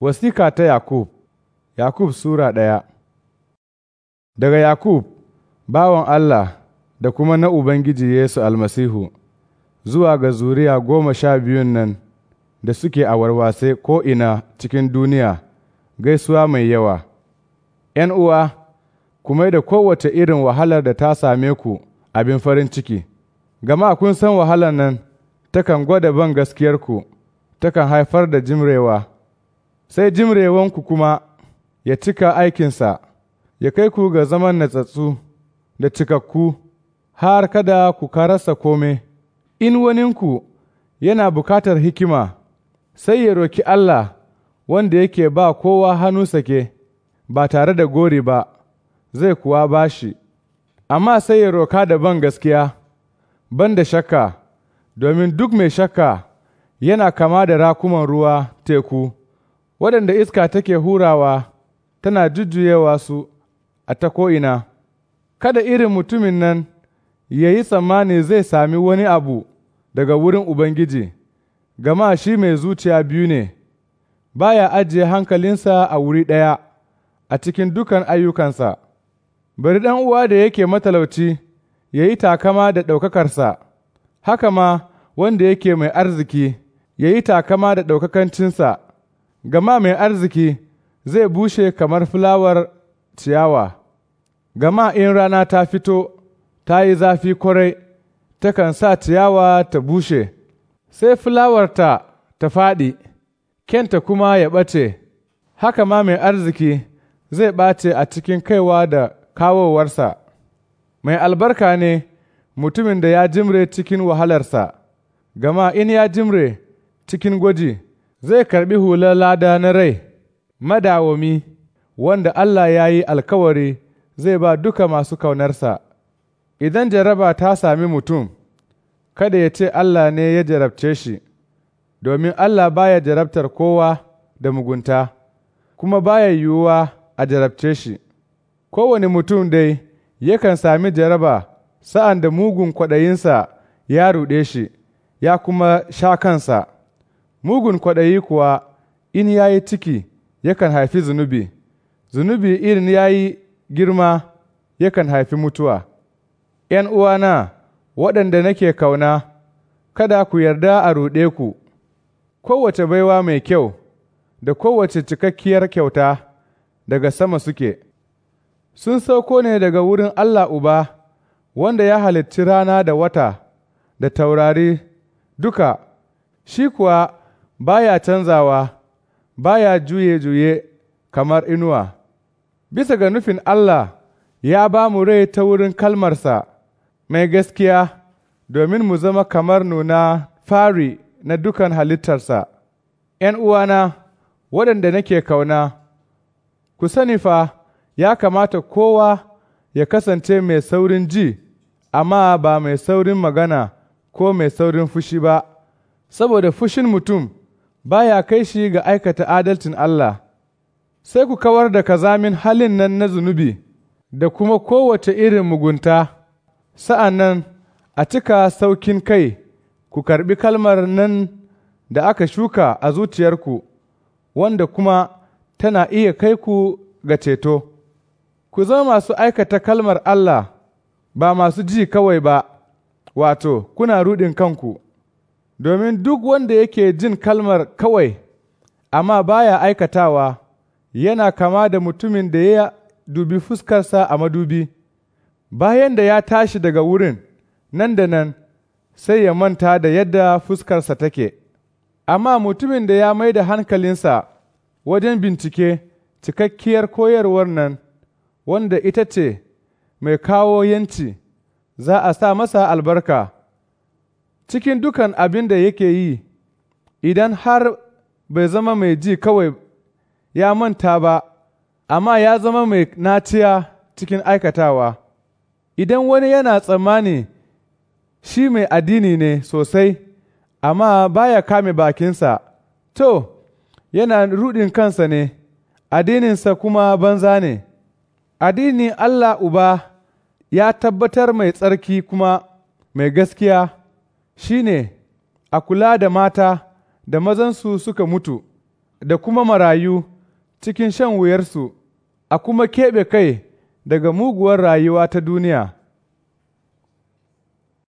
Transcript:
Wasika ta Yakub Yakub Sura ɗaya Daga Yakub, bawan Allah da kuma na Ubangiji Yesu almasihu, zuwa ga zuriya goma sha biyun nan da suke a warwase ko'ina cikin duniya, gaisuwa mai yawa. ‘Yan uwa, kuma da kowace irin wahalar da ta same ku abin farin ciki, gama kun san wahalar nan takan gwada ban gaskiyarku, takan haifar da jimrewa. sai jimrewanku kuma ya cika aikinsa, ya kai ku ga zaman natsatsu da cikakku, har kada ku karasa kome. In waninku yana bukatar hikima, sai ya roki Allah wanda yake ba kowa hannu sake, ba tare da gori ba, zai kuwa ba shi, amma sai ya roka da ban gaskiya, ban da shakka, domin duk mai shakka yana kama da rakuman ruwa teku. waɗanda iska take hurawa tana jujjuyewa su a ta ko'ina, kada irin mutumin nan ya yi tsammani zai sami wani abu daga wurin Ubangiji, gama shi mai zuciya biyu ne, baya ajiye hankalinsa a wuri ɗaya a cikin dukan ayyukansa. Bari ɗan uwa da yake matalauci ya yi takama da ɗaukakarsa, haka ma wanda yake mai arziki ya yi takama da ɗaukakancinsa. gama mai arziki zai bushe kamar fulawar ciyawa, gama in rana ta fito ta yi zafi kwarai, takan sa ciyawa ta bushe, sai fulawarta ta faɗi, kenta kuma ya ɓace, haka ma mai arziki zai ɓace a cikin kaiwa da kawowarsa. Mai albarka ne mutumin da ya jimre cikin wahalarsa, gama in ya jimre cikin gwaji, zai karɓi hular lada na rai madawami wanda Allah ya yi alkawari zai ba duka masu kaunarsa. Idan jaraba ta sami mutum, kada ya ce Allah ne ya jarabce shi, domin Allah baya jarabtar kowa da mugunta, kuma baya yiwuwa a jarabce shi. Kowane mutum dai yakan sami jaraba sa'an da mugun kwaɗayinsa ya ruɗe shi, ya kuma sha kansa. Mugun kwaɗayi kuwa in ya yi ciki yakan haifi zunubi, zunubi irin ya yi girma yakan haifi mutuwa. ’Yan uwana, waɗanda nake kauna, kada ku yarda a ruɗe ku, kowace baiwa mai kyau da kowace cikakkiyar kyauta daga sama suke, sun sauko ne daga wurin Allah Uba, wanda ya halicci rana da wata da taurari duka, shi kuwa ba ya canzawa, ba ya juye-juye kamar inuwa. Bisa ga nufin Allah ya ba mu rai ta wurin kalmarsa mai gaskiya domin mu zama kamar nuna fari na dukan halittarsa. ’Yan uwana, waɗanda nake kauna, ku sani fa ya kamata kowa ya kasance mai saurin ji, amma ba mai saurin magana ko mai saurin fushi ba, saboda fushin mutum. baya kai shi ga aikata adalcin Allah, sai ku kawar da kazamin halin nan na zunubi da kuma kowace irin mugunta, sa'an nan a cika saukin kai ku karɓi kalmar nan da aka shuka a zuciyarku, wanda kuma tana iya kai ku ga ceto. Ku zama masu aikata kalmar Allah ba masu ji kawai ba, wato, kuna ruɗin kanku. domin duk wanda yake jin kalmar kawai, amma baya aikatawa, yana kama da mutumin da ya dubi fuskarsa a madubi, bayan da ya tashi daga wurin nan da nan sai ya manta da yadda fuskarsa take. Amma mutumin da ya mai da hankalinsa wajen bincike cikakkiyar koyarwar nan, wanda ita ce mai kawo yanci, za a sa masa albarka. cikin dukan abin da yake yi, idan har bai zama mai ji kawai ya manta ba, amma ya zama mai naciya cikin aikatawa. Idan wani yana tsammani shi mai addini ne sosai, amma baya kame bakinsa, to, yana ruɗin kansa ne, addininsa kuma banza ne. Addinin Allah Uba ya tabbatar mai tsarki kuma mai gaskiya. shi ne a kula da mata da mazansu suka mutu, da kuma marayu cikin shan wuyarsu, a kuma keɓe kai daga muguwar rayuwa ta duniya.